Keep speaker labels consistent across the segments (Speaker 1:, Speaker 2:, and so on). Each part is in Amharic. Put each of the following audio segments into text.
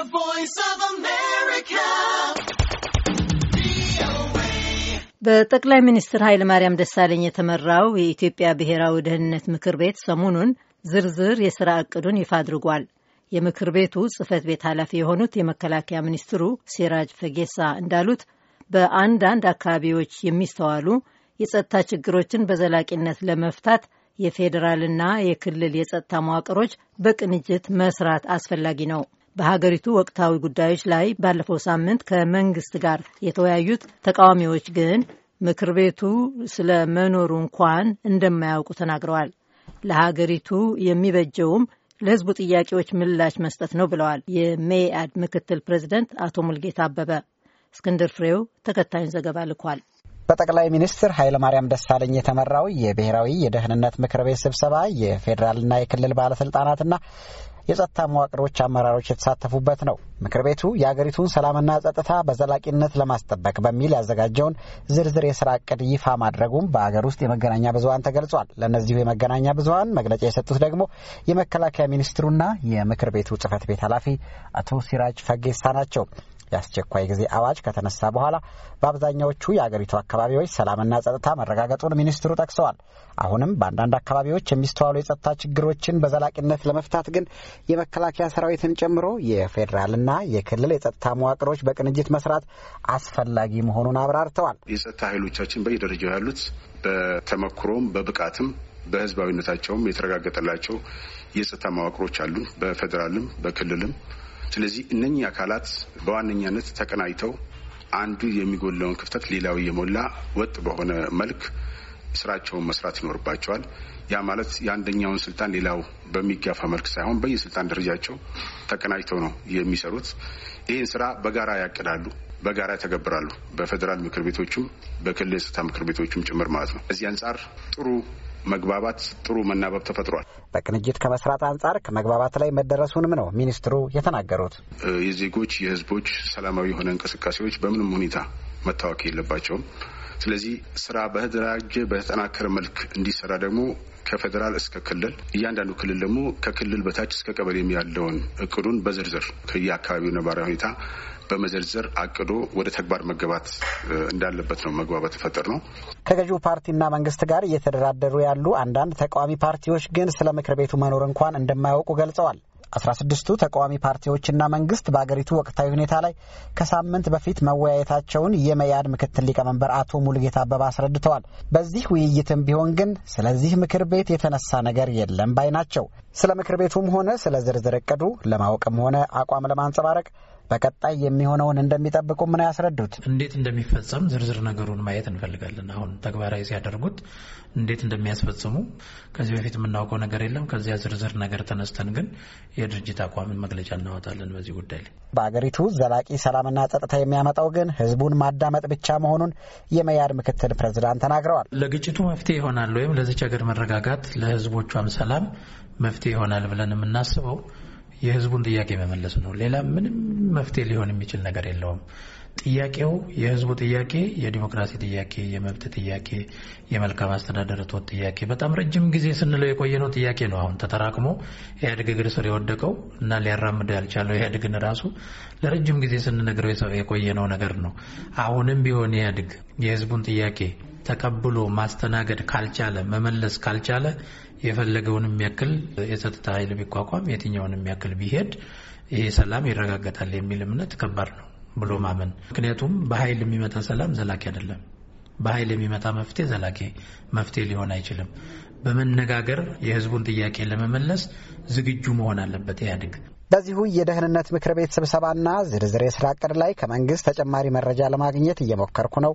Speaker 1: The Voice of America.
Speaker 2: በጠቅላይ ሚኒስትር ኃይለ ማርያም ደሳለኝ የተመራው የኢትዮጵያ ብሔራዊ ደህንነት ምክር ቤት ሰሞኑን ዝርዝር የሥራ ዕቅዱን ይፋ አድርጓል። የምክር ቤቱ ጽህፈት ቤት ኃላፊ የሆኑት የመከላከያ ሚኒስትሩ ሲራጅ ፈጌሳ እንዳሉት በአንዳንድ አካባቢዎች የሚስተዋሉ የጸጥታ ችግሮችን በዘላቂነት ለመፍታት የፌዴራልና የክልል የጸጥታ መዋቅሮች በቅንጅት መስራት አስፈላጊ ነው። በሀገሪቱ ወቅታዊ ጉዳዮች ላይ ባለፈው ሳምንት ከመንግስት ጋር የተወያዩት ተቃዋሚዎች ግን ምክር ቤቱ ስለ መኖሩ እንኳን እንደማያውቁ ተናግረዋል። ለሀገሪቱ የሚበጀውም ለህዝቡ ጥያቄዎች ምላሽ መስጠት ነው ብለዋል የሜአድ ምክትል ፕሬዚደንት አቶ ሙልጌታ አበበ። እስክንድር ፍሬው ተከታዩን ዘገባ ልኳል።
Speaker 3: በጠቅላይ ሚኒስትር ኃይለማርያም ደሳለኝ የተመራው የብሔራዊ የደህንነት ምክር ቤት ስብሰባ የፌዴራልና የክልል ባለስልጣናትና የጸጥታ መዋቅሮች አመራሮች የተሳተፉበት ነው። ምክር ቤቱ የአገሪቱን ሰላምና ጸጥታ በዘላቂነት ለማስጠበቅ በሚል ያዘጋጀውን ዝርዝር የስራ እቅድ ይፋ ማድረጉም በአገር ውስጥ የመገናኛ ብዙሀን ተገልጿል። ለእነዚሁ የመገናኛ ብዙሀን መግለጫ የሰጡት ደግሞ የመከላከያ ሚኒስትሩና የምክር ቤቱ ጽህፈት ቤት ኃላፊ አቶ ሲራጅ ፈጌሳ ናቸው። የአስቸኳይ ጊዜ አዋጅ ከተነሳ በኋላ በአብዛኛዎቹ የአገሪቱ አካባቢዎች ሰላምና ጸጥታ መረጋገጡን ሚኒስትሩ ጠቅሰዋል። አሁንም በአንዳንድ አካባቢዎች የሚስተዋሉ የጸጥታ ችግሮችን በዘላቂነት ለመፍታት ግን የመከላከያ ሰራዊትን ጨምሮ የፌዴራልና የክልል የጸጥታ መዋቅሮች በቅንጅት መስራት አስፈላጊ መሆኑን አብራርተዋል።
Speaker 1: የጸጥታ ኃይሎቻችን በየደረጃው ያሉት በተመክሮም በብቃትም በህዝባዊነታቸውም የተረጋገጠላቸው የጸጥታ መዋቅሮች አሉ። በፌዴራልም በክልልም ስለዚህ እነኚህ አካላት በዋነኛነት ተቀናይተው አንዱ የሚጎለውን ክፍተት ሌላው የሞላ ወጥ በሆነ መልክ ስራቸውን መስራት ይኖርባቸዋል። ያ ማለት የአንደኛውን ስልጣን ሌላው በሚጋፋ መልክ ሳይሆን በየስልጣን ደረጃቸው ተቀናጅተው ነው የሚሰሩት። ይህን ስራ በጋራ ያቅዳሉ፣ በጋራ ይተገብራሉ። በፌዴራል ምክር ቤቶችም በክልል ጸጥታ ምክር ቤቶችም ጭምር ማለት ነው። እዚህ አንጻር ጥሩ መግባባት፣ ጥሩ መናበብ ተፈጥሯል።
Speaker 3: በቅንጅት ከመስራት አንጻር ከመግባባት ላይ መደረሱንም ነው ሚኒስትሩ የተናገሩት።
Speaker 1: የዜጎች የህዝቦች ሰላማዊ የሆነ እንቅስቃሴዎች በምንም ሁኔታ መታወክ የለባቸውም። ስለዚህ ስራ በተደራጀ በተጠናከረ መልክ እንዲሰራ ደግሞ ከፌዴራል እስከ ክልል እያንዳንዱ ክልል ደግሞ ከክልል በታች እስከ ቀበሌም ያለውን እቅዱን በዝርዝር ከየአካባቢው ነባራዊ ሁኔታ በመዘርዘር አቅዶ ወደ ተግባር መገባት እንዳለበት ነው መግባባት ተፈጠር ነው።
Speaker 3: ከገዢው ፓርቲና መንግስት ጋር እየተደራደሩ ያሉ አንዳንድ ተቃዋሚ ፓርቲዎች ግን ስለ ምክር ቤቱ መኖር እንኳን እንደማያውቁ ገልጸዋል። አስራ ስድስቱ ተቃዋሚ ፓርቲዎችና መንግስት በአገሪቱ ወቅታዊ ሁኔታ ላይ ከሳምንት በፊት መወያየታቸውን የመያድ ምክትል ሊቀመንበር አቶ ሙሉጌታ አበባ አስረድተዋል። በዚህ ውይይትም ቢሆን ግን ስለዚህ ምክር ቤት የተነሳ ነገር የለም ባይ ናቸው። ስለ ምክር ቤቱም ሆነ ስለ ዝርዝር እቅዱ ለማወቅም ሆነ አቋም ለማንጸባረቅ በቀጣይ የሚሆነውን እንደሚጠብቁም ነው ያስረዱት።
Speaker 4: እንዴት እንደሚፈጸም ዝርዝር ነገሩን ማየት እንፈልጋለን። አሁን ተግባራዊ ሲያደርጉት እንዴት እንደሚያስፈጽሙ ከዚህ በፊት የምናውቀው ነገር የለም። ከዚያ ዝርዝር ነገር ተነስተን ግን የድርጅት አቋምን መግለጫ እናወጣለን በዚህ ጉዳይ
Speaker 3: ላይ። በአገሪቱ ዘላቂ ሰላምና ጸጥታ የሚያመጣው ግን ህዝቡን ማዳመጥ ብቻ መሆኑን የመያድ ምክትል ፕሬዝዳንት ተናግረዋል።
Speaker 4: ለግጭቱ መፍትሄ ይሆናል ወይም ለዚች ሀገር መረጋጋት፣ ለህዝቦቿም ሰላም መፍትሄ ይሆናል ብለን የምናስበው የህዝቡን ጥያቄ መመለስ ነው። ሌላ ምንም መፍትሄ ሊሆን የሚችል ነገር የለውም። ጥያቄው የህዝቡ ጥያቄ፣ የዲሞክራሲ ጥያቄ፣ የመብት ጥያቄ፣ የመልካም አስተዳደር እጦት ጥያቄ በጣም ረጅም ጊዜ ስንለው የቆየነው ጥያቄ ነው። አሁን ተተራክሞ ኢህአዴግ እግር ስር የወደቀው እና ሊያራምደው ያልቻለው ኢህአዴግን ራሱ ለረጅም ጊዜ ስንነግረው ነው ነገር ነው። አሁንም ቢሆን ኢህአዴግ የህዝቡን ጥያቄ ተቀብሎ ማስተናገድ ካልቻለ፣ መመለስ ካልቻለ የፈለገውን የሚያክል የጸጥታ ኃይል ቢቋቋም የትኛውን የሚያክል ቢሄድ ይሄ ሰላም ይረጋገጣል የሚል እምነት ከባድ ነው ብሎ ማመን። ምክንያቱም በኃይል የሚመጣ ሰላም ዘላቂ አይደለም። በኃይል የሚመጣ መፍትሄ ዘላቂ መፍትሄ ሊሆን አይችልም። በመነጋገር የህዝቡን ጥያቄ ለመመለስ ዝግጁ መሆን አለበት ኢህአዴግ።
Speaker 3: በዚሁ የደህንነት ምክር ቤት ስብሰባና ዝርዝር የስራ እቅድ ላይ ከመንግስት ተጨማሪ መረጃ ለማግኘት እየሞከርኩ ነው።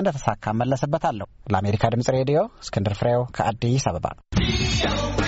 Speaker 3: እንደተሳካ መለስበታለሁ። ለአሜሪካ ድምጽ ሬዲዮ እስክንድር ፍሬው ከአዲስ አበባ